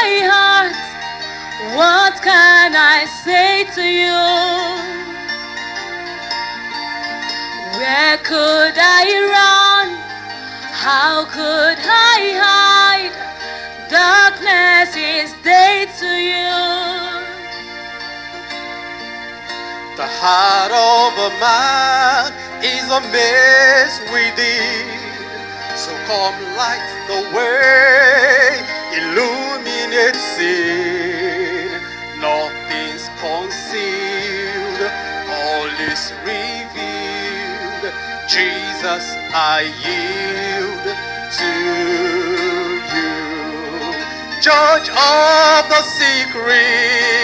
my heart, what can I say to you? Where could I run? How could I hide? Darkness is day to you. The heart of a man is a mess with So come light the way, illuminate seen. Nothing's concealed, all is revealed. Jesus, I yield to you. Judge of the secret.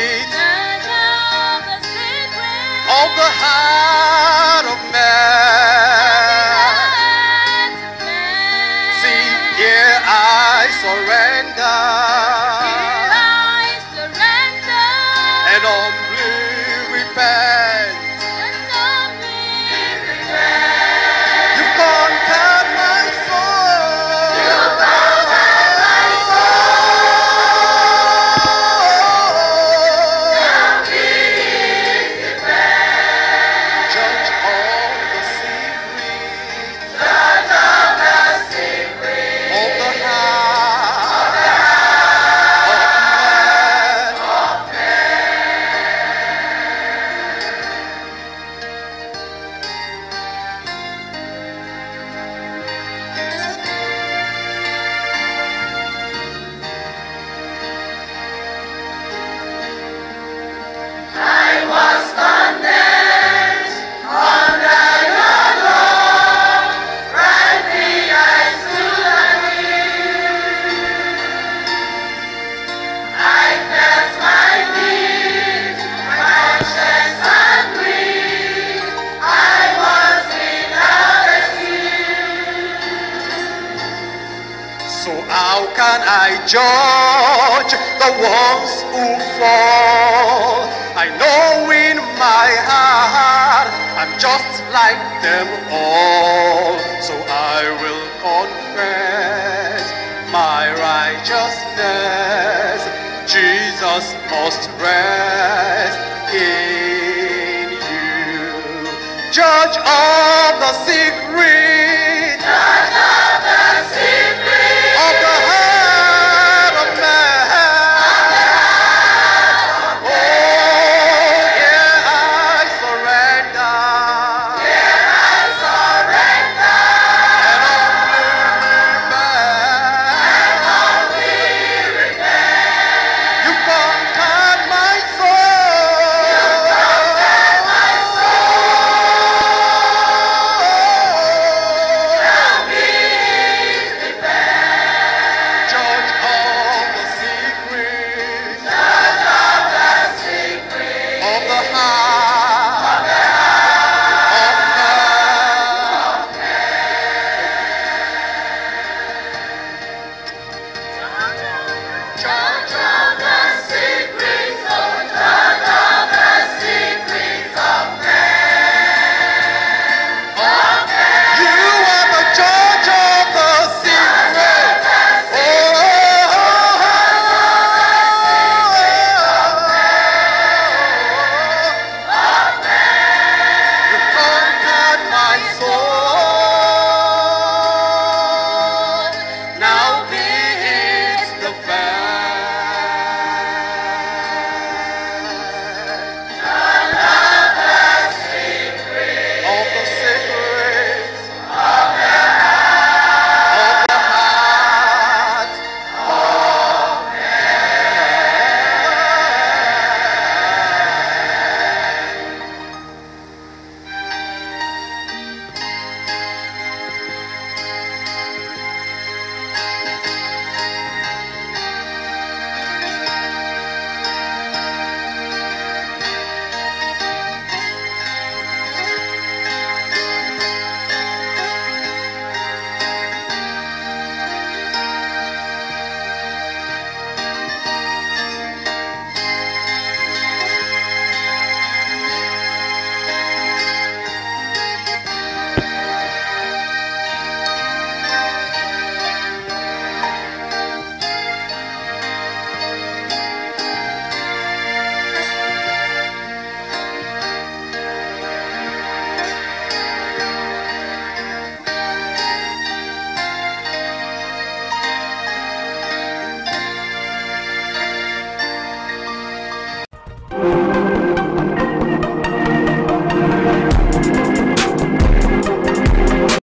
judge the ones who fall. I know in my heart I'm just like them all. So I will confess my righteousness. Jesus must rest in you. Judge